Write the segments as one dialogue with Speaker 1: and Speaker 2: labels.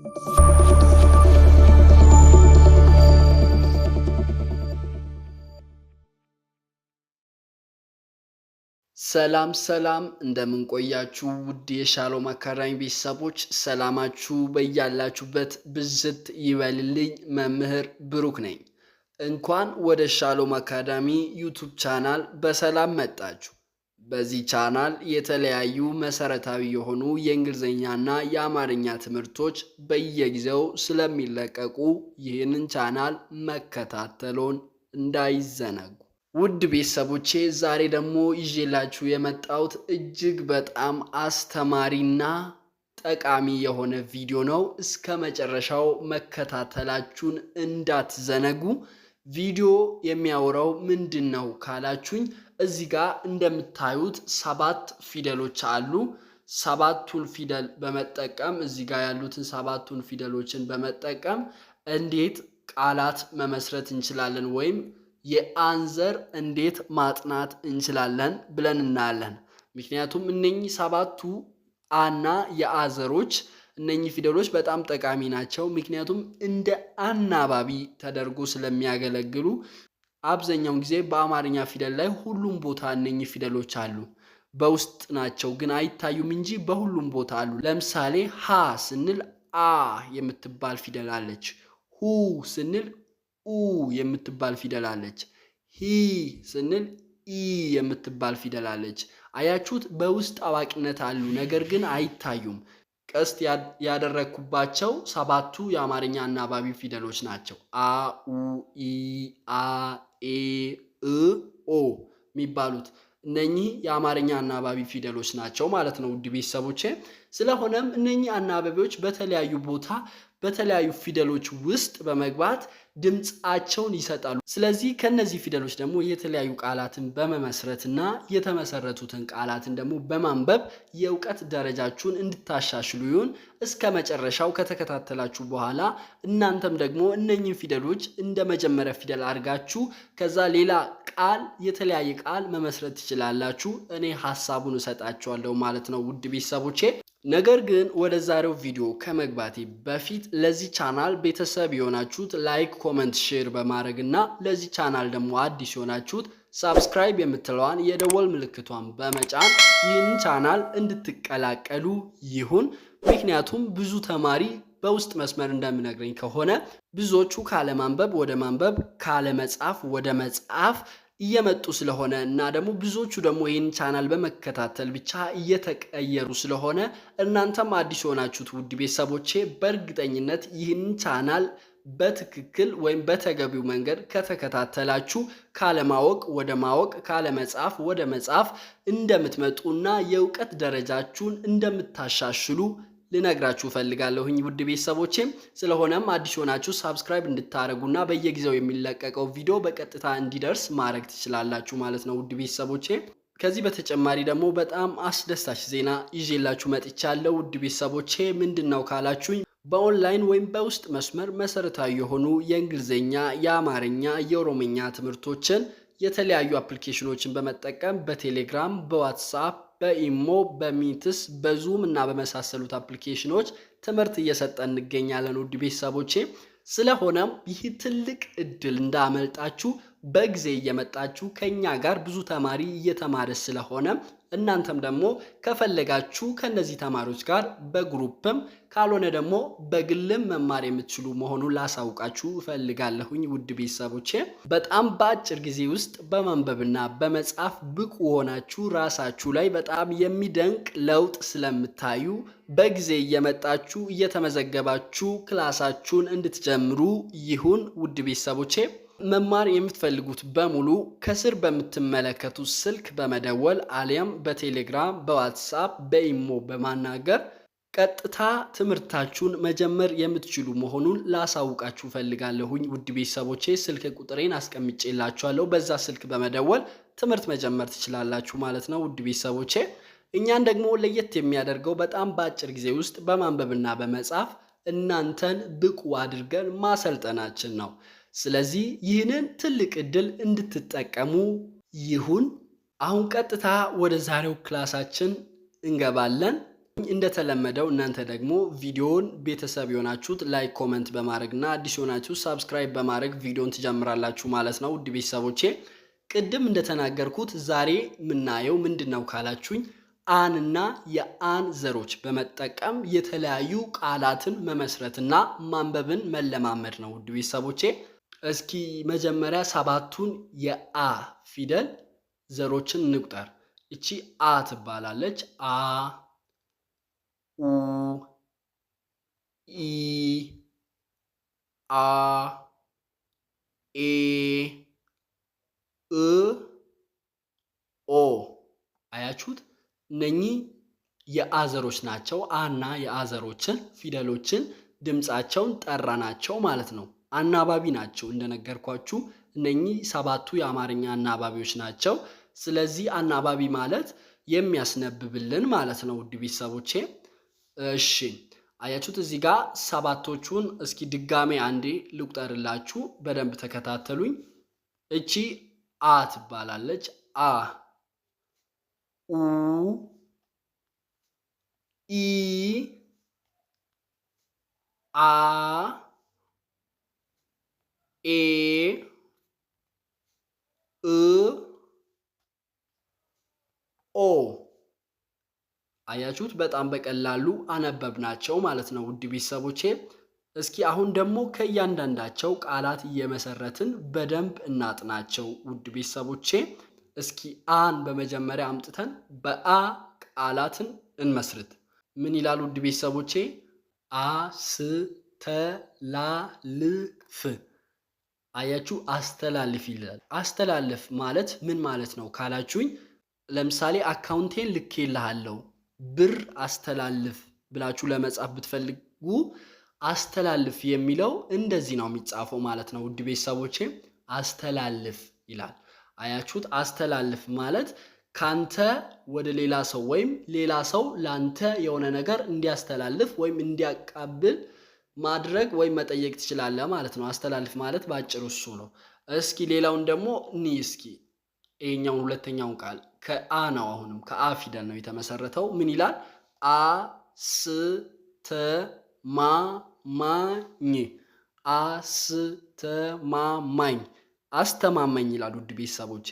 Speaker 1: ሰላም ሰላም፣ እንደምንቆያችሁ ውድ የሻሎም አካዳሚ ቤተሰቦች ሰላማችሁ በያላችሁበት ብዝት ይበልልኝ። መምህር ብሩክ ነኝ። እንኳን ወደ ሻሎም አካዳሚ ዩቱብ ቻናል በሰላም መጣችሁ። በዚህ ቻናል የተለያዩ መሰረታዊ የሆኑ የእንግሊዝኛና የአማርኛ ትምህርቶች በየጊዜው ስለሚለቀቁ ይህንን ቻናል መከታተሎን እንዳይዘነጉ። ውድ ቤተሰቦቼ ዛሬ ደግሞ ይዤላችሁ የመጣሁት እጅግ በጣም አስተማሪና ጠቃሚ የሆነ ቪዲዮ ነው። እስከ መጨረሻው መከታተላችሁን እንዳትዘነጉ። ቪዲዮ የሚያወራው ምንድን ነው ካላችሁኝ፣ እዚህ ጋር እንደምታዩት ሰባት ፊደሎች አሉ። ሰባቱን ፊደል በመጠቀም እዚህ ጋር ያሉትን ሰባቱን ፊደሎችን በመጠቀም እንዴት ቃላት መመስረት እንችላለን ወይም የአንዘር እንዴት ማጥናት እንችላለን ብለን እናያለን። ምክንያቱም እነኚህ ሰባቱ አና የአዘሮች እነኚህ ፊደሎች በጣም ጠቃሚ ናቸው። ምክንያቱም እንደ አናባቢ ተደርጎ ስለሚያገለግሉ አብዛኛውን ጊዜ በአማርኛ ፊደል ላይ ሁሉም ቦታ እነኚህ ፊደሎች አሉ። በውስጥ ናቸው ግን አይታዩም እንጂ በሁሉም ቦታ አሉ። ለምሳሌ ሀ ስንል አ የምትባል ፊደል አለች። ሁ ስንል ኡ የምትባል ፊደል አለች። ሂ ስንል ኢ የምትባል ፊደል አለች። አያችሁት? በውስጥ አዋቂነት አሉ፣ ነገር ግን አይታዩም። ቀስት ያደረግኩባቸው ሰባቱ የአማርኛ አናባቢ ፊደሎች ናቸው። አ ኡ ኢ አ ኤ እ ኦ የሚባሉት እነኚህ የአማርኛ አናባቢ ፊደሎች ናቸው ማለት ነው ውድ ቤተሰቦቼ። ስለሆነም እነኚህ አናባቢዎች በተለያዩ ቦታ በተለያዩ ፊደሎች ውስጥ በመግባት ድምፃቸውን ይሰጣሉ። ስለዚህ ከነዚህ ፊደሎች ደግሞ የተለያዩ ቃላትን በመመስረትና የተመሰረቱትን ቃላትን ደግሞ በማንበብ የእውቀት ደረጃችሁን እንድታሻሽሉ ይሁን። እስከ መጨረሻው ከተከታተላችሁ በኋላ እናንተም ደግሞ እነኝን ፊደሎች እንደ መጀመሪያ ፊደል አድርጋችሁ ከዛ ሌላ ቃል የተለያየ ቃል መመስረት ትችላላችሁ። እኔ ሀሳቡን እሰጣችኋለሁ ማለት ነው ውድ ቤተሰቦቼ። ነገር ግን ወደ ዛሬው ቪዲዮ ከመግባቴ በፊት ለዚህ ቻናል ቤተሰብ የሆናችሁት ላይክ ኮመንት፣ ሼር በማድረግ እና ለዚህ ቻናል ደግሞ አዲስ የሆናችሁት ሳብስክራይብ የምትለዋን የደወል ምልክቷን በመጫን ይህን ቻናል እንድትቀላቀሉ ይሁን። ምክንያቱም ብዙ ተማሪ በውስጥ መስመር እንደሚነግረኝ ከሆነ ብዙዎቹ ካለማንበብ ወደ ማንበብ ካለመጻፍ ወደ መጻፍ እየመጡ ስለሆነ እና ደግሞ ብዙዎቹ ደግሞ ይህን ቻናል በመከታተል ብቻ እየተቀየሩ ስለሆነ እናንተም አዲስ የሆናችሁት ውድ ቤተሰቦቼ በእርግጠኝነት ይህን ቻናል በትክክል ወይም በተገቢው መንገድ ከተከታተላችሁ ካለማወቅ ወደ ማወቅ ካለመጻፍ ወደ መጻፍ እንደምትመጡና የእውቀት ደረጃችሁን እንደምታሻሽሉ ልነግራችሁ እፈልጋለሁኝ ውድ ቤተሰቦቼም። ስለሆነም አዲስ ሆናችሁ ሳብስክራይብ እንድታደረጉና በየጊዜው የሚለቀቀው ቪዲዮ በቀጥታ እንዲደርስ ማድረግ ትችላላችሁ ማለት ነው ውድ ቤተሰቦቼ። ከዚህ በተጨማሪ ደግሞ በጣም አስደሳች ዜና ይዤላችሁ መጥቻለሁ ውድ ቤተሰቦቼ። ምንድን ነው ካላችሁኝ በኦንላይን ወይም በውስጥ መስመር መሰረታዊ የሆኑ የእንግሊዝኛ፣ የአማርኛ፣ የኦሮምኛ ትምህርቶችን የተለያዩ አፕሊኬሽኖችን በመጠቀም በቴሌግራም፣ በዋትሳፕ፣ በኢሞ፣ በሚትስ፣ በዙም እና በመሳሰሉት አፕሊኬሽኖች ትምህርት እየሰጠ እንገኛለን ውድ ቤተሰቦቼ። ስለሆነም ይህ ትልቅ እድል እንዳመልጣችሁ በጊዜ እየመጣችሁ ከኛ ጋር ብዙ ተማሪ እየተማረ ስለሆነ እናንተም ደግሞ ከፈለጋችሁ ከነዚህ ተማሪዎች ጋር በግሩፕም ካልሆነ ደግሞ በግልም መማር የምትችሉ መሆኑን ላሳውቃችሁ እፈልጋለሁኝ። ውድ ቤተሰቦቼ በጣም በአጭር ጊዜ ውስጥ በማንበብና በመጻፍ ብቁ ሆናችሁ ራሳችሁ ላይ በጣም የሚደንቅ ለውጥ ስለምታዩ በጊዜ እየመጣችሁ እየተመዘገባችሁ ክላሳችሁን እንድትጀምሩ ይሁን ውድ ቤተሰቦቼ። መማር የምትፈልጉት በሙሉ ከስር በምትመለከቱት ስልክ በመደወል አሊያም በቴሌግራም፣ በዋትሳፕ፣ በኢሞ በማናገር ቀጥታ ትምህርታችሁን መጀመር የምትችሉ መሆኑን ላሳውቃችሁ ፈልጋለሁኝ። ውድ ቤተሰቦቼ ስልክ ቁጥሬን አስቀምጬላችኋለሁ። በዛ ስልክ በመደወል ትምህርት መጀመር ትችላላችሁ ማለት ነው። ውድ ቤተሰቦቼ እኛን ደግሞ ለየት የሚያደርገው በጣም በአጭር ጊዜ ውስጥ በማንበብና በመጻፍ እናንተን ብቁ አድርገን ማሰልጠናችን ነው። ስለዚህ ይህንን ትልቅ እድል እንድትጠቀሙ ይሁን። አሁን ቀጥታ ወደ ዛሬው ክላሳችን እንገባለን። እንደተለመደው እናንተ ደግሞ ቪዲዮውን ቤተሰብ የሆናችሁት ላይክ፣ ኮመንት በማድረግ እና አዲስ የሆናችሁ ሳብስክራይብ በማድረግ ቪዲዮን ትጀምራላችሁ ማለት ነው። ውድ ቤተሰቦቼ ቅድም እንደተናገርኩት ዛሬ የምናየው ምንድን ነው ካላችሁኝ አንና የአን ዘሮች በመጠቀም የተለያዩ ቃላትን መመስረትና ማንበብን መለማመድ ነው። ውድ ቤተሰቦቼ እስኪ መጀመሪያ ሰባቱን የአ ፊደል ዘሮችን እንቁጠር። እቺ አ ትባላለች። አ ኡ ኢ አ ኤ እ ኦ አያችሁት? እነኚህ የአዘሮች ናቸው። አና የአዘሮችን ፊደሎችን ድምፃቸውን ናቸው ማለት ነው። አናባቢ ናቸው። እንደነገርኳችሁ እነኚህ ሰባቱ የአማርኛ አናባቢዎች ናቸው። ስለዚህ አናባቢ ማለት የሚያስነብብልን ማለት ነው። ውድ ቤተሰቦቼ እሺ፣ አያችሁት? እዚህ ጋር ሰባቶቹን እስኪ ድጋሜ አንዴ ልቁጠርላችሁ፣ በደንብ ተከታተሉኝ። እቺ አ ትባላለች። አ ኡ ኢ አ ኤ እ ኦ አያችሁት? በጣም በቀላሉ አነበብናቸው ማለት ነው ውድ ቤተሰቦቼ። እስኪ አሁን ደግሞ ከእያንዳንዳቸው ቃላት እየመሰረትን በደንብ እናጥናቸው ውድ ቤተሰቦቼ። እስኪ አን በመጀመሪያ አምጥተን በአ ቃላትን እንመስርት። ምን ይላል ውድ ቤተሰቦቼ? አስተላልፍ አያችሁ አስተላልፍ ይላል። አስተላልፍ ማለት ምን ማለት ነው ካላችሁኝ፣ ለምሳሌ አካውንቴን ልኬልሃለሁ ብር አስተላልፍ ብላችሁ ለመጻፍ ብትፈልጉ አስተላልፍ የሚለው እንደዚህ ነው የሚጻፈው ማለት ነው። ውድ ቤተሰቦቼ አስተላልፍ ይላል። አያችሁት? አስተላልፍ ማለት ካንተ ወደ ሌላ ሰው ወይም ሌላ ሰው ላንተ የሆነ ነገር እንዲያስተላልፍ ወይም እንዲያቃብል ማድረግ ወይም መጠየቅ ትችላለህ ማለት ነው። አስተላልፍ ማለት በአጭር እሱ ነው። እስኪ ሌላውን ደግሞ ኒ እስኪ ይሄኛውን ሁለተኛውን ቃል ከአ ነው። አሁንም ከአ ፊደል ነው የተመሰረተው። ምን ይላል? አስተማማኝ አስተማማኝ አስተማማኝ ይላል። ውድ ቤተሰቦች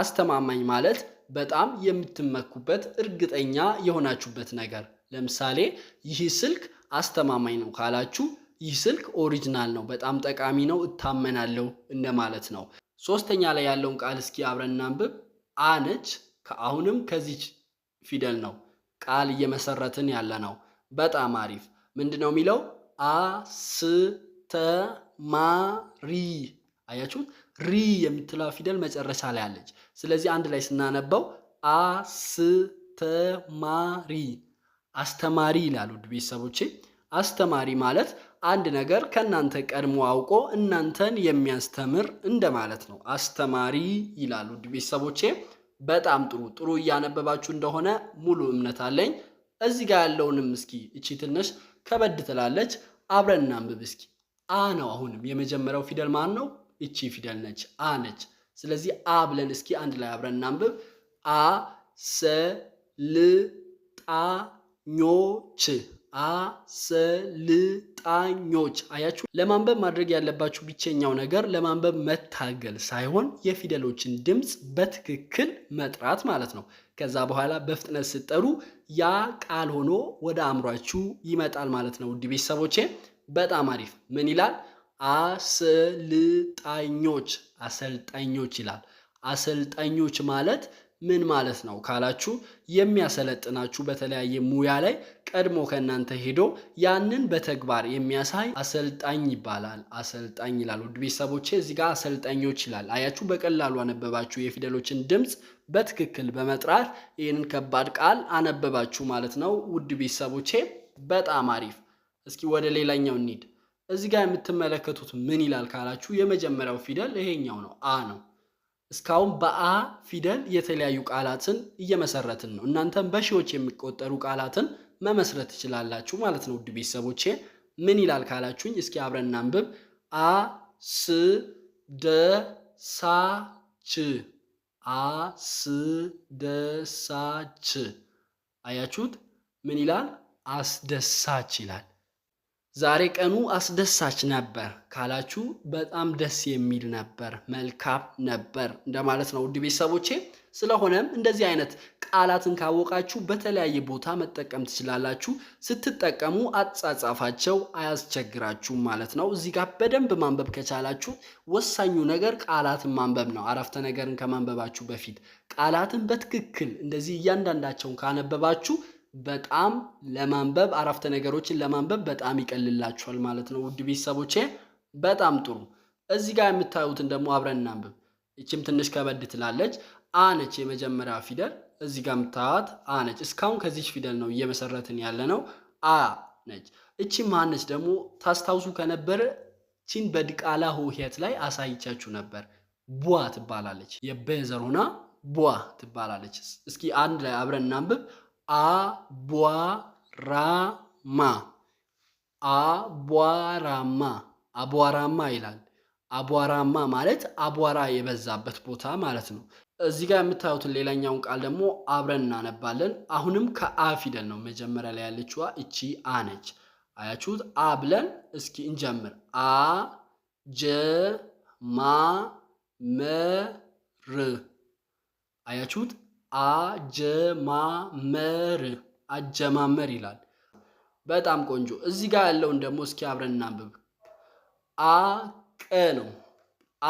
Speaker 1: አስተማማኝ ማለት በጣም የምትመኩበት እርግጠኛ የሆናችሁበት ነገር። ለምሳሌ ይህ ስልክ አስተማማኝ ነው ካላችሁ ይህ ስልክ ኦሪጂናል ነው፣ በጣም ጠቃሚ ነው፣ እታመናለሁ እንደማለት ነው። ሶስተኛ ላይ ያለውን ቃል እስኪ አብረን እናንብብ። አነች ከአሁንም ከዚች ፊደል ነው ቃል እየመሰረትን ያለ ነው። በጣም አሪፍ ምንድን ነው የሚለው? አስተማሪ አያችሁት? ሪ የምትለው ፊደል መጨረሻ ላይ አለች። ስለዚህ አንድ ላይ ስናነበው አስተማሪ አስተማሪ ይላሉ ውድ ቤተሰቦቼ አስተማሪ ማለት አንድ ነገር ከእናንተ ቀድሞ አውቆ እናንተን የሚያስተምር እንደማለት ነው። አስተማሪ ይላሉ ውድ ቤተሰቦቼ በጣም ጥሩ ጥሩ እያነበባችሁ እንደሆነ ሙሉ እምነት አለኝ። እዚህ ጋር ያለውንም እስኪ እቺ ትንሽ ከበድ ትላለች። አብረን እናንብብ እስኪ። አ ነው አሁንም የመጀመሪያው ፊደል ማን ነው? እቺ ፊደል ነች፣ አ ነች። ስለዚህ አ ብለን እስኪ አንድ ላይ አብረን እናንብብ። አ ሰ ል ጣ ኞች አሰልጣኞች አያችሁ። ለማንበብ ማድረግ ያለባችሁ ብቸኛው ነገር ለማንበብ መታገል ሳይሆን የፊደሎችን ድምፅ በትክክል መጥራት ማለት ነው። ከዛ በኋላ በፍጥነት ስጠሩ ያ ቃል ሆኖ ወደ አእምሯችሁ ይመጣል ማለት ነው። ውድ ቤተሰቦቼ በጣም አሪፍ። ምን ይላል? አሰልጣኞች አሰልጣኞች ይላል። አሰልጣኞች ማለት ምን ማለት ነው ካላችሁ የሚያሰለጥናችሁ በተለያየ ሙያ ላይ ቀድሞ ከእናንተ ሄዶ ያንን በተግባር የሚያሳይ አሰልጣኝ ይባላል። አሰልጣኝ ይላል። ውድ ቤተሰቦቼ እዚህ ጋር አሰልጣኞች ይላል። አያችሁ፣ በቀላሉ አነበባችሁ። የፊደሎችን ድምፅ በትክክል በመጥራት ይህንን ከባድ ቃል አነበባችሁ ማለት ነው። ውድ ቤተሰቦቼ በጣም አሪፍ። እስኪ ወደ ሌላኛው እንሂድ። እዚህ ጋር የምትመለከቱት ምን ይላል ካላችሁ የመጀመሪያው ፊደል ይሄኛው ነው፣ አ ነው። እስካሁን በአ ፊደል የተለያዩ ቃላትን እየመሰረትን ነው። እናንተም በሺዎች የሚቆጠሩ ቃላትን መመስረት ትችላላችሁ ማለት ነው። ውድ ቤተሰቦቼ ምን ይላል ካላችሁኝ፣ እስኪ አብረን እናንብብ። አ ስ ደ ሳ ች አ ስ ደ ሳ ች አያችሁት? ምን ይላል? አስደሳች ይላል። ዛሬ ቀኑ አስደሳች ነበር ካላችሁ በጣም ደስ የሚል ነበር፣ መልካም ነበር እንደማለት ነው ውድ ቤተሰቦቼ። ስለሆነም እንደዚህ አይነት ቃላትን ካወቃችሁ በተለያየ ቦታ መጠቀም ትችላላችሁ። ስትጠቀሙ አጻጻፋቸው አያስቸግራችሁም ማለት ነው። እዚህ ጋር በደንብ ማንበብ ከቻላችሁ ወሳኙ ነገር ቃላትን ማንበብ ነው። አረፍተ ነገርን ከማንበባችሁ በፊት ቃላትን በትክክል እንደዚህ እያንዳንዳቸውን ካነበባችሁ በጣም ለማንበብ አረፍተ ነገሮችን ለማንበብ በጣም ይቀልላችኋል ማለት ነው። ውድ ቤተሰቦቼ በጣም ጥሩ። እዚህ ጋር የምታዩትን ደግሞ አብረን እናንብብ። ይችም ትንሽ ከበድ ትላለች። አነች የመጀመሪያ ፊደል እዚህ ጋር የምታዩት አነች። እስካሁን ከዚች ፊደል ነው እየመሰረትን ያለ ነው። አ ነች። እቺ ማነች ደግሞ ታስታውሱ ከነበረ ቺን በድቃላ ሆሄያት ላይ አሳይቻችሁ ነበር። ቡዋ ትባላለች። የበዘር ሆና ቡዋ ትባላለች። እስኪ አንድ ላይ አብረን እናንብብ አቧራማ አቧራማ አቧራማ ይላል። አቧራማ ማለት አቧራ የበዛበት ቦታ ማለት ነው። እዚህ ጋር የምታዩትን ሌላኛውን ቃል ደግሞ አብረን እናነባለን። አሁንም ከአ ፊደል ነው መጀመሪያ ላይ ያለችዋ እቺ አ ነች። አያችሁት? አ ብለን እስኪ እንጀምር። አ ጀ ማ መ ር አያችሁት? አጀማመር አጀማመር ይላል። በጣም ቆንጆ። እዚህ ጋር ያለውን ደግሞ እስኪ አብረን እናንብብ። አቀ ነው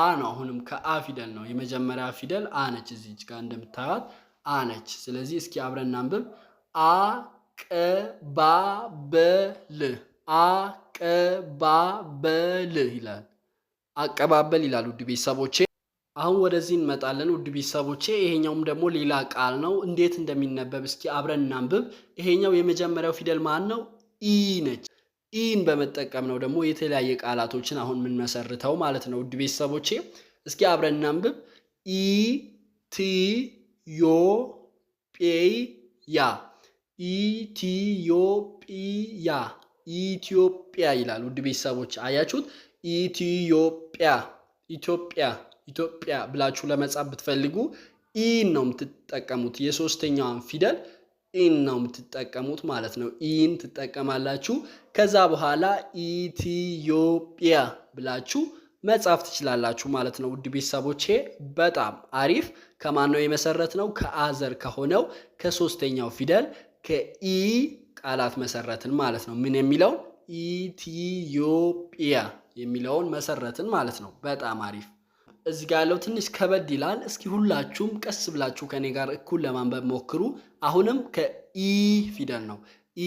Speaker 1: አ ነው። አሁንም ከአ ፊደል ነው። የመጀመሪያ ፊደል አ ነች። እዚች ጋር እንደምታዩት አ ነች። ስለዚህ እስኪ አብረን እናንብብ። አቀባበል አቀባበል ይላል። አቀባበል ይላል። ውድ ቤተሰቦቼ አሁን ወደዚህ እንመጣለን ውድ ቤተሰቦቼ። ይሄኛውም ደግሞ ሌላ ቃል ነው። እንዴት እንደሚነበብ እስኪ አብረን እናንብብ። ይሄኛው የመጀመሪያው ፊደል ማን ነው? ኢ ነች። ኢን በመጠቀም ነው ደግሞ የተለያየ ቃላቶችን አሁን የምንመሰርተው ማለት ነው ውድ ቤተሰቦቼ። እስኪ አብረን እናንብብ። ኢ ቲ ዮ ጴ ያ ኢትዮጵያ ኢትዮጵያ ይላል ውድ ቤተሰቦች አያችሁት? ኢትዮጵያ ኢትዮጵያ ኢትዮጵያ ብላችሁ ለመጻፍ ብትፈልጉ ኢ ነው የምትጠቀሙት። የሶስተኛዋን ፊደል ኢን ነው የምትጠቀሙት ማለት ነው። ኢን ትጠቀማላችሁ። ከዛ በኋላ ኢትዮጵያ ብላችሁ መጻፍ ትችላላችሁ ማለት ነው። ውድ ቤተሰቦቼ በጣም አሪፍ። ከማን ነው የመሰረት ነው? ከአዘር ከሆነው ከሶስተኛው ፊደል ከኢ ቃላት መሰረትን ማለት ነው። ምን የሚለውን ኢትዮጵያ የሚለውን መሰረትን ማለት ነው። በጣም አሪፍ እዚህ ጋር ያለው ትንሽ ከበድ ይላል። እስኪ ሁላችሁም ቀስ ብላችሁ ከኔ ጋር እኩል ለማንበብ ሞክሩ። አሁንም ከኢ ፊደል ነው።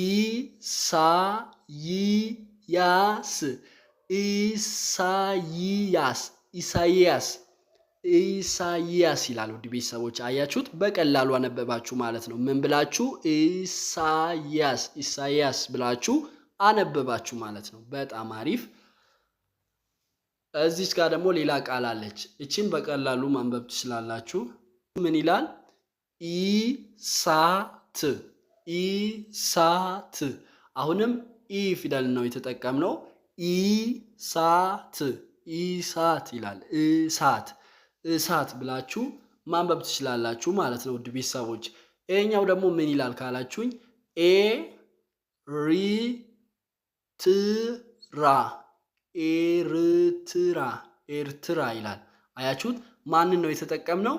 Speaker 1: ኢሳይያስ ኢሳይያስ ኢሳይያስ ኢሳይያስ ይላል። ውድ ቤተሰቦች አያችሁት? በቀላሉ አነበባችሁ ማለት ነው። ምን ብላችሁ ኢሳይያስ ኢሳይያስ ብላችሁ አነበባችሁ ማለት ነው። በጣም አሪፍ እዚች ጋር ደግሞ ሌላ ቃል አለች። እችን በቀላሉ ማንበብ ትችላላችሁ። ምን ይላል? ኢሳት ኢሳት። አሁንም ኢ ፊደል ነው የተጠቀምነው። ኢሳት ኢሳት ይላል። እሳት እሳት ብላችሁ ማንበብ ትችላላችሁ ማለት ነው። ውድ ቤተሰቦች ይሄኛው ደግሞ ምን ይላል ካላችሁኝ ኤሪትራ ኤርትራ ኤርትራ ይላል። አያችሁት? ማንን ነው የተጠቀምነው?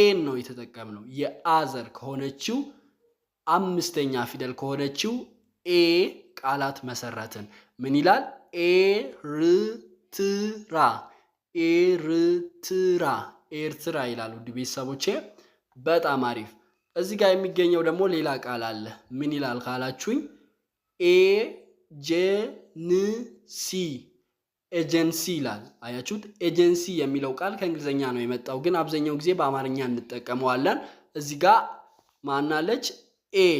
Speaker 1: ኤን ነው የተጠቀምነው። የአዘር ከሆነችው አምስተኛ ፊደል ከሆነችው ኤ ቃላት መሰረትን። ምን ይላል? ኤርትራ ኤርትራ ኤርትራ ይላል። ውድ ቤተሰቦቼ በጣም አሪፍ። እዚህ ጋር የሚገኘው ደግሞ ሌላ ቃል አለ። ምን ይላል ካላችሁኝ ኤጀንሲ ኤጀንሲ ይላል። አያችሁት? ኤጀንሲ የሚለው ቃል ከእንግሊዝኛ ነው የመጣው፣ ግን አብዛኛው ጊዜ በአማርኛ እንጠቀመዋለን። እዚህ ጋ ማናለች? ኤ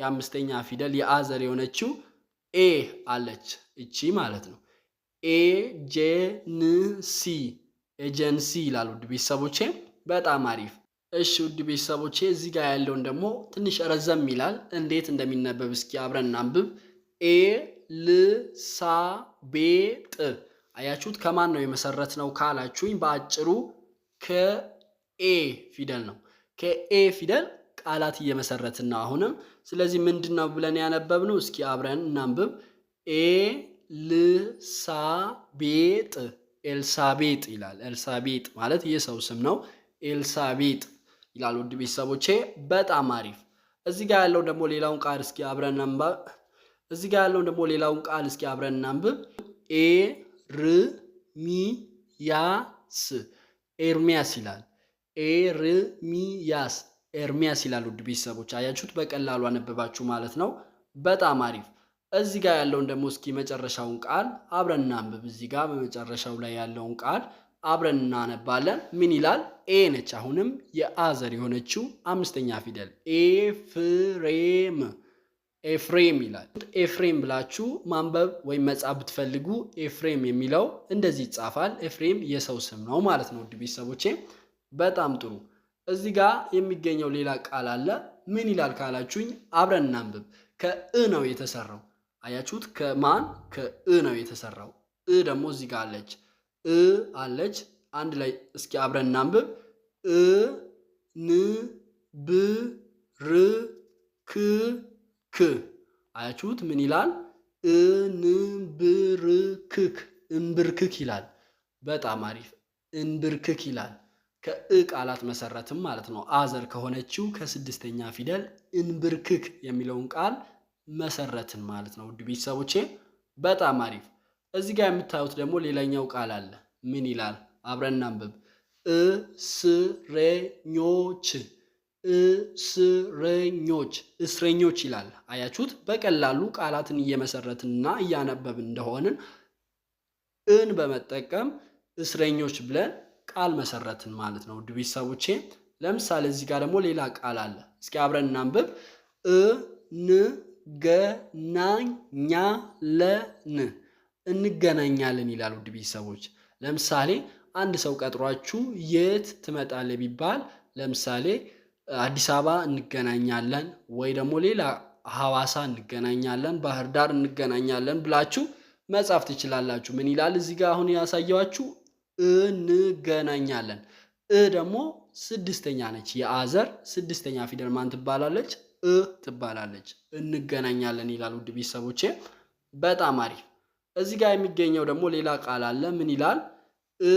Speaker 1: የአምስተኛ ፊደል የአዘር የሆነችው ኤ አለች፣ እቺ ማለት ነው። ኤጀንሲ ኤጀንሲ ይላል። ውድ ቤተሰቦቼ በጣም አሪፍ። እሺ ውድ ቤተሰቦቼ እዚህ ጋር ያለውን ደግሞ ትንሽ ረዘም ይላል። እንዴት እንደሚነበብ እስኪ አብረን እናንብብ። ኤልሳቤጥ አያችሁት? ከማን ነው የመሰረት ነው ካላችሁኝ፣ በአጭሩ ከኤ ፊደል ነው። ከኤ ፊደል ቃላት እየመሰረትን ነው አሁንም። ስለዚህ ምንድን ነው ብለን ያነበብነው? እስኪ አብረን እናንብብ። ኤልሳቤጥ ኤልሳቤጥ ይላል። ኤልሳቤጥ ማለት የሰው ስም ነው። ኤልሳቤጥ ይላል። ውድ ቤተሰቦቼ በጣም አሪፍ። እዚህ ጋር ያለው ደግሞ ሌላውን ቃል እስኪ አብረን እናንብብ። እዚህ ጋር ያለውን ደግሞ ሌላውን ቃል እስኪ አብረን እናንብብ ኤ ኤርሚያስ ኤርሚያስ ይላል። ኤርሚያስ ኤርሚያስ ይላል። ውድ ቤተሰቦች አያችሁት፣ በቀላሉ አነበባችሁ ማለት ነው። በጣም አሪፍ። እዚህ ጋር ያለውን ደግሞ እስኪ መጨረሻውን ቃል አብረን እናንብብ። እዚህ ጋር በመጨረሻው ላይ ያለውን ቃል አብረን እናነባለን። ምን ይላል? ኤ ነች። አሁንም የአዘር የሆነችው አምስተኛ ፊደል ኤፍሬም ኤፍሬም ይላል። ኤፍሬም ብላችሁ ማንበብ ወይም መጻፍ ብትፈልጉ ኤፍሬም የሚለው እንደዚህ ይጻፋል። ኤፍሬም የሰው ስም ነው ማለት ነው። ውድ ቤተሰቦቼ በጣም ጥሩ። እዚህ ጋር የሚገኘው ሌላ ቃል አለ። ምን ይላል ካላችሁኝ አብረን እናንብብ። ከእ ነው የተሰራው። አያችሁት? ከማን ከእ ነው የተሰራው። እ ደግሞ እዚህ ጋር አለች፣ እ አለች። አንድ ላይ እስኪ አብረን እናንብብ። እ ን ብ ር ክ ክ አያችሁት? ምን ይላል? እንብርክክ እንብርክክ ይላል። በጣም አሪፍ እንብርክክ ይላል። ከእ ቃላት መሰረትም ማለት ነው። አዘር ከሆነችው ከስድስተኛ ፊደል እንብርክክ የሚለውን ቃል መሰረትን ማለት ነው። ውድ ቤተሰቦቼ በጣም አሪፍ። እዚህ ጋር የምታዩት ደግሞ ሌላኛው ቃል አለ። ምን ይላል? አብረን እናንብብ። እስረኞች እስረኞች እስረኞች ይላል። አያችሁት? በቀላሉ ቃላትን እየመሰረትንና እያነበብን እንደሆንን እን በመጠቀም እስረኞች ብለን ቃል መሰረትን ማለት ነው። ውድ ቤተሰቦቼ ለምሳሌ እዚህ ጋር ደግሞ ሌላ ቃል አለ። እስኪ አብረን እናንብብ። እንገናኛለን እንገናኛለን ይላል። ውድ ቤተሰቦች ለምሳሌ አንድ ሰው ቀጥሯችሁ የት ትመጣለህ ቢባል ለምሳሌ አዲስ አበባ እንገናኛለን ወይ ደግሞ ሌላ ሐዋሳ እንገናኛለን፣ ባህር ዳር እንገናኛለን ብላችሁ መጻፍ ትችላላችሁ። ምን ይላል እዚህ ጋር አሁን ያሳየኋችሁ እንገናኛለን። እ ደግሞ ስድስተኛ ነች። የአዘር ስድስተኛ ፊደል ማን ትባላለች? እ ትባላለች። እንገናኛለን ይላል። ውድ ቤተሰቦቼ በጣም አሪፍ። እዚህ ጋር የሚገኘው ደግሞ ሌላ ቃል አለ። ምን ይላል?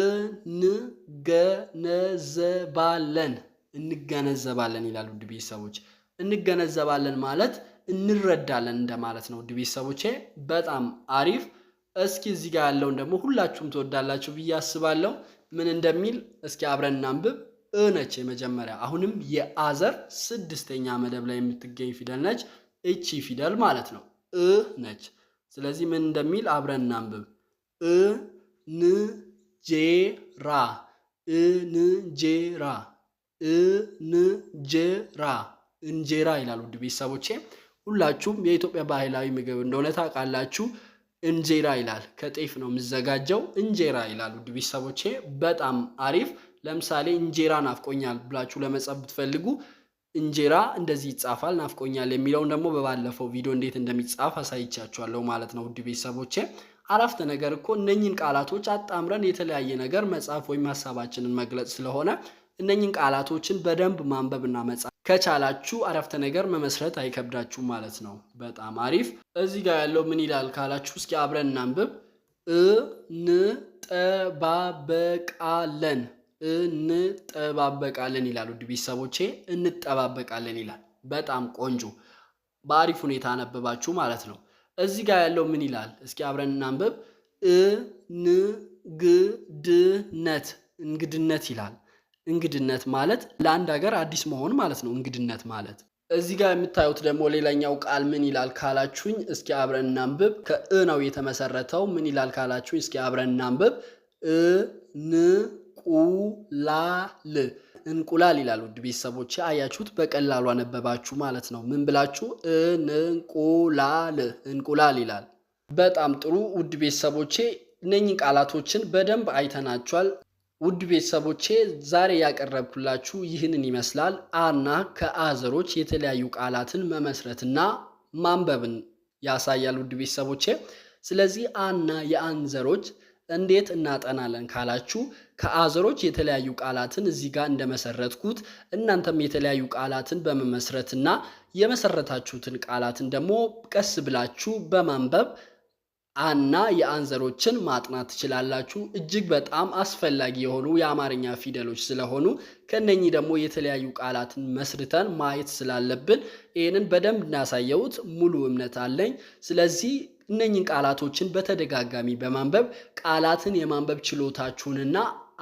Speaker 1: እንገነዘባለን እንገነዘባለን ይላሉ ውድ ቤተሰቦች። እንገነዘባለን ማለት እንረዳለን እንደማለት ነው። ውድ ቤተሰቦቼ በጣም አሪፍ። እስኪ እዚህ ጋር ያለውን ደግሞ ሁላችሁም ትወዳላችሁ ብዬ አስባለሁ። ምን እንደሚል እስኪ አብረን እናንብብ። እ ነች የመጀመሪያ አሁንም የአዘር ስድስተኛ መደብ ላይ የምትገኝ ፊደል ነች። እቺ ፊደል ማለት ነው እ ነች። ስለዚህ ምን እንደሚል አብረን እናንብብ። እ ን ጄ ራ ራ እንጀራ እንጀራ ይላል። ውድ ቤተሰቦቼ ሁላችሁም የኢትዮጵያ ባህላዊ ምግብ እንደሆነ ታውቃላችሁ። እንጀራ ይላል። ከጤፍ ነው የሚዘጋጀው። እንጀራ ይላል። ውድ ቤተሰቦቼ በጣም አሪፍ። ለምሳሌ እንጀራ ናፍቆኛል ብላችሁ ለመጻፍ ብትፈልጉ እንጀራ እንደዚህ ይጻፋል። ናፍቆኛል የሚለውን ደግሞ በባለፈው ቪዲዮ እንዴት እንደሚጻፍ አሳይቻችኋለሁ ማለት ነው። ውድ ቤተሰቦቼ አረፍተ ነገር እኮ እነኝን ቃላቶች አጣምረን የተለያየ ነገር መጻፍ ወይም ሀሳባችንን መግለጽ ስለሆነ እነኝን ቃላቶችን በደንብ ማንበብና መጻፍ ከቻላችሁ አረፍተ ነገር መመስረት አይከብዳችሁ ማለት ነው። በጣም አሪፍ። እዚህ ጋር ያለው ምን ይላል ካላችሁ እስኪ አብረን እናንብብ። እንጠባበቃለን እንጠባበቃለን ይላል። ውድ ቤተሰቦቼ እንጠባበቃለን ይላል። በጣም ቆንጆ በአሪፍ ሁኔታ አነበባችሁ ማለት ነው። እዚህ ጋር ያለው ምን ይላል? እስኪ አብረን እናንብብ። እንግድነት እንግድነት ይላል። እንግድነት ማለት ለአንድ ሀገር አዲስ መሆን ማለት ነው። እንግድነት ማለት እዚህ ጋር የምታዩት ደግሞ ሌላኛው ቃል ምን ይላል ካላችሁኝ፣ እስኪ አብረን እናንብብ። ከእ ነው የተመሰረተው። ምን ይላል ካላችሁኝ፣ እስኪ አብረን እናንብብ። እንቁላል እንቁላል ይላል። ውድ ቤተሰቦች አያችሁት፣ በቀላሉ አነበባችሁ ማለት ነው። ምን ብላችሁ እንቁላል እንቁላል ይላል። በጣም ጥሩ ውድ ቤተሰቦቼ እነኚህ ቃላቶችን በደንብ አይተናቸዋል። ውድ ቤተሰቦቼ ዛሬ ያቀረብኩላችሁ ይህንን ይመስላል። አና ከአዘሮች የተለያዩ ቃላትን መመስረትና ማንበብን ያሳያል። ውድ ቤተሰቦቼ ስለዚህ አና የአንዘሮች እንዴት እናጠናለን ካላችሁ ከአዘሮች የተለያዩ ቃላትን እዚህ ጋር እንደመሰረትኩት እናንተም የተለያዩ ቃላትን በመመስረትና የመሰረታችሁትን ቃላትን ደግሞ ቀስ ብላችሁ በማንበብ አና የአንዘሮችን ማጥናት ትችላላችሁ። እጅግ በጣም አስፈላጊ የሆኑ የአማርኛ ፊደሎች ስለሆኑ ከነኚህ ደግሞ የተለያዩ ቃላትን መስርተን ማየት ስላለብን ይህንን በደንብ እናሳየውት ሙሉ እምነት አለኝ። ስለዚህ እነኚህን ቃላቶችን በተደጋጋሚ በማንበብ ቃላትን የማንበብ ችሎታችሁንና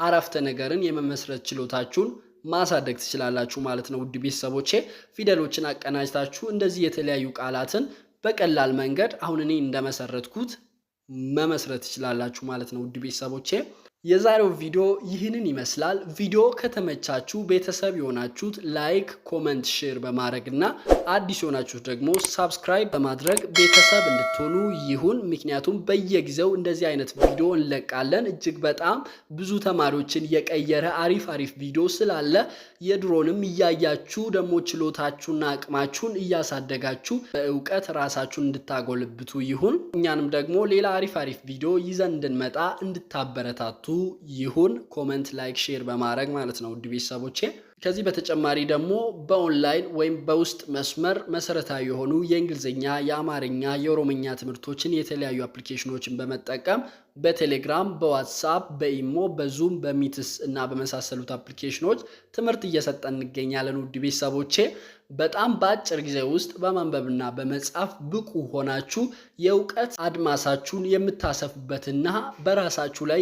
Speaker 1: አረፍተ ነገርን የመመስረት ችሎታችሁን ማሳደግ ትችላላችሁ ማለት ነው። ውድ ቤተሰቦቼ ፊደሎችን አቀናጅታችሁ እንደዚህ የተለያዩ ቃላትን በቀላል መንገድ አሁን እኔ እንደመሰረትኩት መመስረት ትችላላችሁ ማለት ነው ውድ ቤተሰቦቼ። የዛሬው ቪዲዮ ይህንን ይመስላል። ቪዲዮ ከተመቻችሁ ቤተሰብ የሆናችሁት ላይክ፣ ኮመንት፣ ሼር በማድረግ እና አዲስ የሆናችሁት ደግሞ ሳብስክራይብ በማድረግ ቤተሰብ እንድትሆኑ ይሁን። ምክንያቱም በየጊዜው እንደዚህ አይነት ቪዲዮ እንለቃለን። እጅግ በጣም ብዙ ተማሪዎችን የቀየረ አሪፍ አሪፍ ቪዲዮ ስላለ የድሮንም እያያችሁ ደግሞ ችሎታችሁና አቅማችሁን እያሳደጋችሁ በእውቀት ራሳችሁን እንድታጎልብቱ ይሁን። እኛንም ደግሞ ሌላ አሪፍ አሪፍ ቪዲዮ ይዘን እንድንመጣ እንድታበረታቱ ይሁን። ኮመንት፣ ላይክ፣ ሼር በማድረግ ማለት ነው ውድ ቤተሰቦቼ። ከዚህ በተጨማሪ ደግሞ በኦንላይን ወይም በውስጥ መስመር መሰረታዊ የሆኑ የእንግሊዝኛ፣ የአማርኛ፣ የኦሮምኛ ትምህርቶችን የተለያዩ አፕሊኬሽኖችን በመጠቀም በቴሌግራም፣ በዋትሳፕ፣ በኢሞ፣ በዙም፣ በሚትስ እና በመሳሰሉት አፕሊኬሽኖች ትምህርት እየሰጠን እንገኛለን ውድ ቤተሰቦቼ። በጣም በአጭር ጊዜ ውስጥ በማንበብና በመጻፍ ብቁ ሆናችሁ የእውቀት አድማሳችሁን የምታሰፉበትና በራሳችሁ ላይ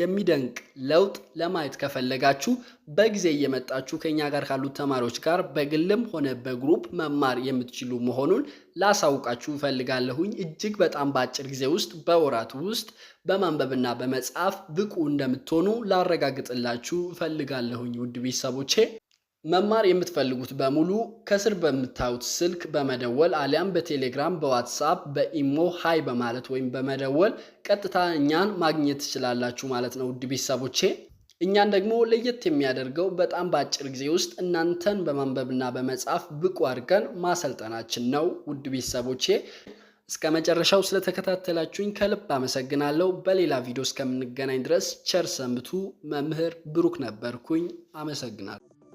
Speaker 1: የሚደንቅ ለውጥ ለማየት ከፈለጋችሁ በጊዜ እየመጣችሁ ከኛ ጋር ካሉት ተማሪዎች ጋር በግልም ሆነ በግሩፕ መማር የምትችሉ መሆኑን ላሳውቃችሁ እፈልጋለሁኝ። እጅግ በጣም በአጭር ጊዜ ውስጥ በወራት ውስጥ በማንበብና በመጻፍ ብቁ እንደምትሆኑ ላረጋግጥላችሁ እፈልጋለሁኝ ውድ ቤተሰቦቼ። መማር የምትፈልጉት በሙሉ ከስር በምታዩት ስልክ በመደወል አሊያም በቴሌግራም፣ በዋትሳፕ፣ በኢሞ ሀይ በማለት ወይም በመደወል ቀጥታ እኛን ማግኘት ትችላላችሁ ማለት ነው ውድ ቤተሰቦቼ። እኛን ደግሞ ለየት የሚያደርገው በጣም በአጭር ጊዜ ውስጥ እናንተን በማንበብና በመጻፍ ብቁ አድርገን ማሰልጠናችን ነው ውድ ቤተሰቦቼ። እስከ መጨረሻው ስለተከታተላችሁኝ ከልብ አመሰግናለሁ። በሌላ ቪዲዮ እስከምንገናኝ ድረስ ቸር ሰንብቱ። መምህር ብሩክ ነበርኩኝ። አመሰግናለሁ።